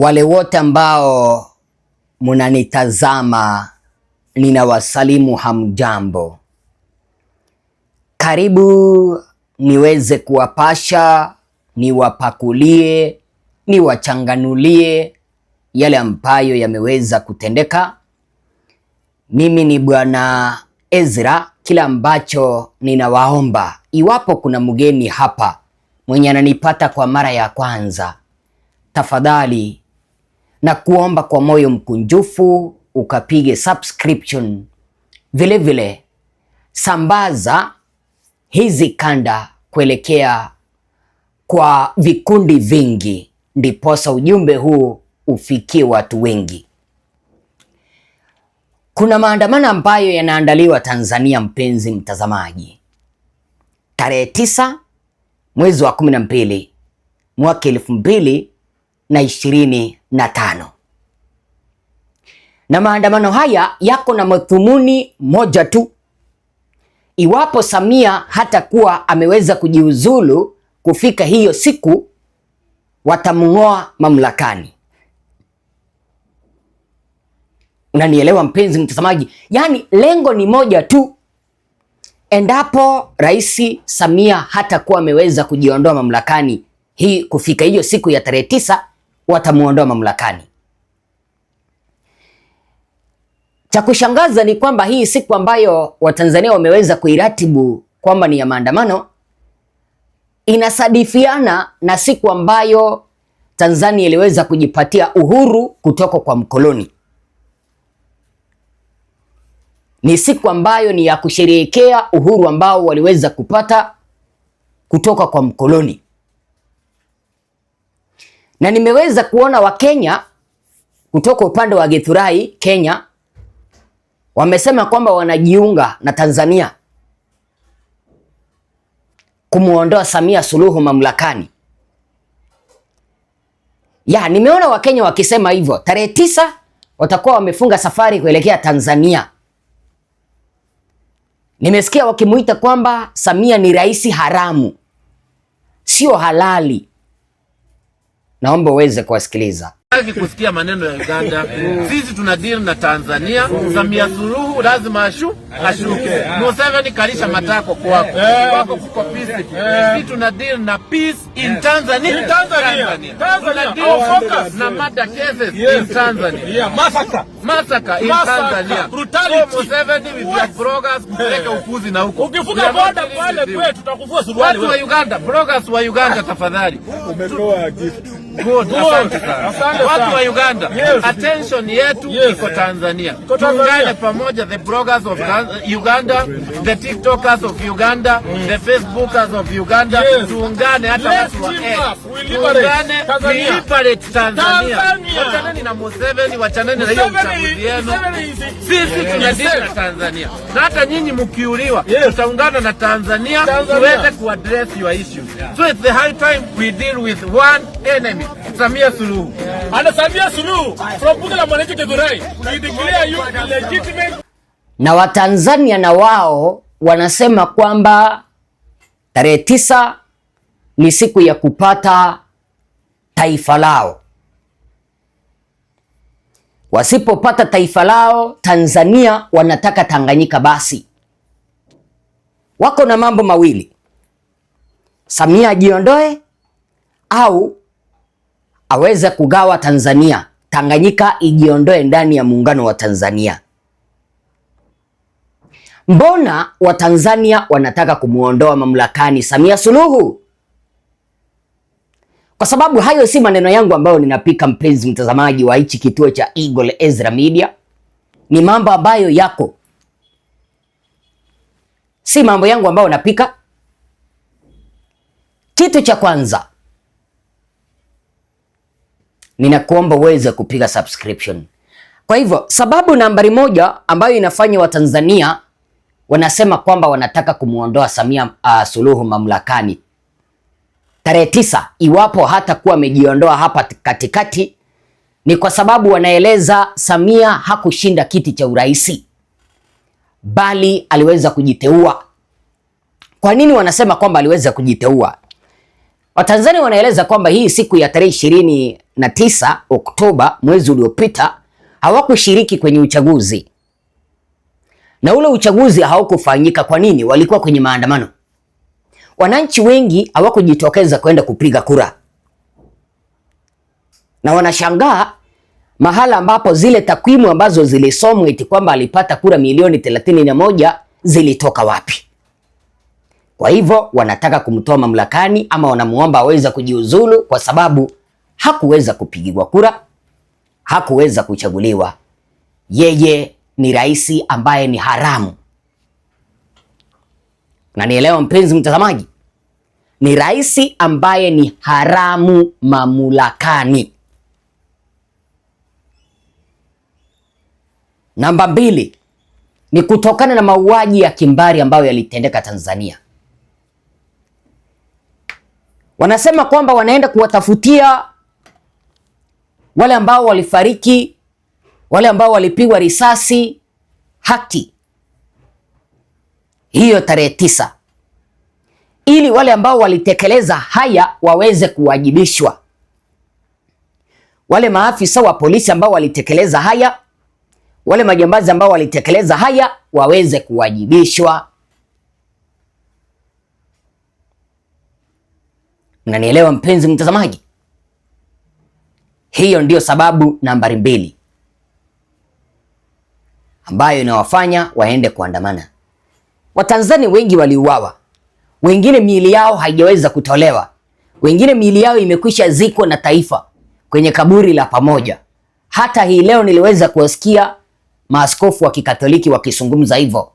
Wale wote ambao munanitazama ninawasalimu hamjambo. Karibu niweze kuwapasha, niwapakulie, niwachanganulie yale ambayo yameweza kutendeka. Mimi ni Bwana Ezra. Kila ambacho ninawaomba, iwapo kuna mgeni hapa mwenye ananipata kwa mara ya kwanza, tafadhali na kuomba kwa moyo mkunjufu ukapige subscription. Vile vile sambaza hizi kanda kuelekea kwa vikundi vingi, ndiposa ujumbe huu ufikie watu wengi. Kuna maandamano ambayo yanaandaliwa Tanzania, mpenzi mtazamaji, tarehe tisa mwezi wa kumi na mbili mwaka elfu mbili na ishirini na tano. Na maandamano haya yako na madhumuni moja tu. Iwapo Samia hatakuwa ameweza kujiuzulu kufika hiyo siku, watamng'oa mamlakani. Unanielewa mpenzi mtazamaji? Yaani lengo ni moja tu. Endapo Rais Samia hatakuwa ameweza kujiondoa mamlakani hii kufika hiyo siku ya tarehe tisa, watamuondoa mamlakani. Cha kushangaza ni kwamba hii siku ambayo Watanzania wameweza kuiratibu kwamba ni ya maandamano inasadifiana na siku ambayo Tanzania iliweza kujipatia uhuru kutoka kwa mkoloni. Ni siku ambayo ni ya kusherehekea uhuru ambao waliweza kupata kutoka kwa mkoloni na nimeweza kuona Wakenya kutoka upande wa Githurai Kenya wamesema kwamba wanajiunga na Tanzania kumuondoa Samia Suluhu mamlakani. Ya, nimeona Wakenya wakisema hivyo. Tarehe tisa watakuwa wamefunga safari kuelekea Tanzania. Nimesikia wakimuita kwamba Samia ni rais haramu, sio halali naomba uweze kuwasikiliza. Hatutaki kusikia maneno ya Uganda. Sisi tuna deal na Tanzania. Samia Suluhu lazima ashu ashuke. Museveni kalisha matako kwako kwako, kuko peace. Sisi tuna deal na peace in Tanzania. Tanzania tuna deal oh, focus na murder cases in Tanzania, massacre massacre in Tanzania, brutality. Oh, Museveni with your bloggers kuleka upuzi na huko, ukifuka border pale kwetu tutakuvua suruali. Watu wa Uganda, bloggers wa Uganda, tafadhali, umetoa gift. Good, asante sana watu wa Uganda, yes. attention yetu yes. iko Tanzania. Tuungane pamoja, the bloggers of Uganda, the tiktokers of Uganda, mm. the facebookers of Uganda, tuungane hata watu wa tuungane, liberate Tanzania. Wachaneni na Museveni, wachaneni na hiyo uchaguzi yenu. Sisi tunadili na Tanzania, na hata nyinyi mkiuliwa, tutaungana na Tanzania tuweze kuaddress your issues. So it's the high time we deal with one enemy, Samia Suluhu. yeah. Ana Suluhu from Bunge la Mwananchi Githurai, we declare you illegitimate. Na Watanzania na wao wanasema kwamba tarehe tisa ni siku ya kupata taifa lao. Wasipopata taifa lao, Tanzania wanataka Tanganyika. Basi wako na mambo mawili, Samia ajiondoe au aweze kugawa Tanzania, Tanganyika ijiondoe ndani ya muungano wa Tanzania. Mbona Watanzania wanataka kumwondoa mamlakani Samia Suluhu? Kwa sababu hayo si maneno yangu ambayo ninapika, mpenzi mtazamaji wa hichi kituo cha Eagle Ezra Media, ni mambo ambayo yako, si mambo yangu ambayo napika. Kitu cha kwanza ninakuomba uweze kupiga subscription. Kwa hivyo sababu nambari moja ambayo inafanya Watanzania wanasema kwamba wanataka kumwondoa Samia uh, Suluhu mamlakani tarehe tisa, iwapo hata kuwa amejiondoa hapa katikati, ni kwa sababu wanaeleza Samia hakushinda kiti cha urais bali aliweza kujiteua. Kwa nini wanasema kwamba aliweza kujiteua? Watanzania wanaeleza kwamba hii siku ya tarehe ishirini na tisa Oktoba mwezi uliopita hawakushiriki kwenye uchaguzi na ule uchaguzi haukufanyika. Kwa nini? Walikuwa kwenye maandamano. Wananchi wengi hawakujitokeza kwenda kupiga kura, na wanashangaa mahala ambapo zile takwimu ambazo zilisomwa eti kwamba alipata kura milioni thelathini na moja zilitoka wapi? Kwa hivyo wanataka kumtoa mamlakani ama wanamuomba aweze kujiuzulu kwa sababu hakuweza kupigiwa kura, hakuweza kuchaguliwa. Yeye ni rais ambaye ni haramu. Unanielewa mpenzi mtazamaji? Ni rais ambaye ni haramu mamlakani. Namba mbili ni kutokana na mauaji ya kimbari ambayo yalitendeka Tanzania. Wanasema kwamba wanaenda kuwatafutia wale ambao walifariki, wale ambao walipigwa risasi haki hiyo tarehe tisa, ili wale ambao walitekeleza haya waweze kuwajibishwa. Wale maafisa wa polisi ambao walitekeleza haya, wale majambazi ambao walitekeleza haya waweze kuwajibishwa. Mnanielewa mpenzi mtazamaji? Hiyo ndiyo sababu nambari mbili ambayo inawafanya waende kuandamana. Watanzania wengi waliuawa, wengine miili yao haijaweza kutolewa, wengine miili yao imekwisha zikwa na taifa kwenye kaburi la pamoja. Hata hii leo niliweza kuwasikia maaskofu wa Kikatoliki wakizungumza hivyo.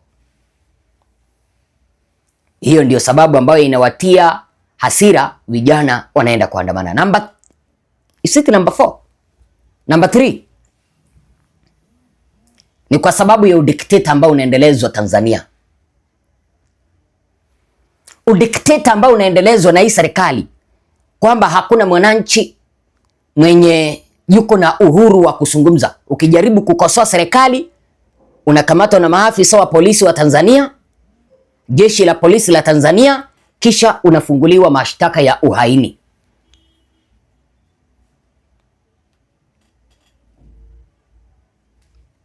Hiyo ndiyo sababu ambayo inawatia hasira, vijana wanaenda kuandamana. Namba isiti, namba 4, namba 3 ni kwa sababu ya udikteta ambao unaendelezwa Tanzania, udikteta ambao unaendelezwa na hii serikali kwamba hakuna mwananchi mwenye yuko na uhuru wa kuzungumza. Ukijaribu kukosoa serikali unakamatwa na maafisa wa polisi wa Tanzania, jeshi la polisi la Tanzania kisha unafunguliwa mashtaka ya uhaini.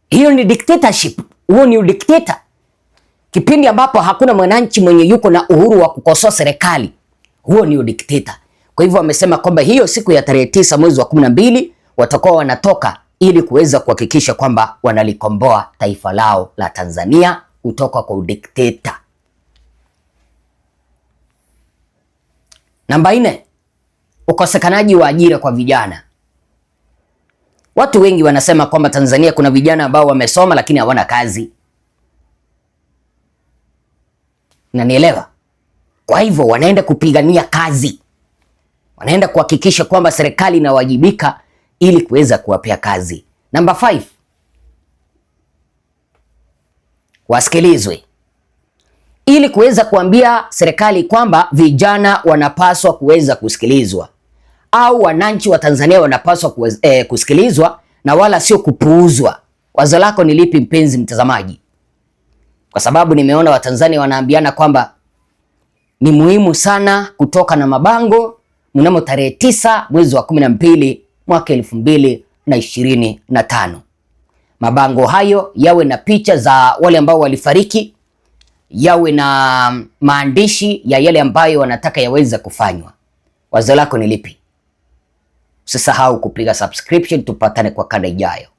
Hiyo ni dictatorship, huo ni udikteta, kipindi ambapo hakuna mwananchi mwenye yuko na uhuru wa kukosoa serikali, huo ni udikteta. Kwa hivyo wamesema kwamba hiyo siku ya tarehe tisa mwezi wa kumi na mbili watakuwa wanatoka ili kuweza kuhakikisha kwamba wanalikomboa taifa lao la Tanzania kutoka kwa udikteta. Namba nne, ukosekanaji wa ajira kwa vijana. Watu wengi wanasema kwamba Tanzania kuna vijana ambao wamesoma lakini hawana kazi, nanielewa. Kwa hivyo wanaenda kupigania kazi, wanaenda kuhakikisha kwamba serikali inawajibika ili kuweza kuwapea kazi. Namba 5 wasikilizwe ili kuweza kuambia serikali kwamba vijana wanapaswa kuweza kusikilizwa au wananchi wa Tanzania wanapaswa eh, kusikilizwa na wala sio kupuuzwa. Wazo lako ni lipi, mpenzi mtazamaji? Kwa sababu nimeona Watanzania wanaambiana kwamba ni muhimu sana kutoka na mabango mnamo tarehe tisa mwezi wa kumi na mbili mwaka elfu mbili na ishirini na tano. Mabango hayo yawe na picha za wale ambao walifariki yawe na maandishi ya yale ambayo wanataka yaweza kufanywa. Wazo lako ni lipi? Usisahau kupiga subscription, tupatane kwa kanda ijayo.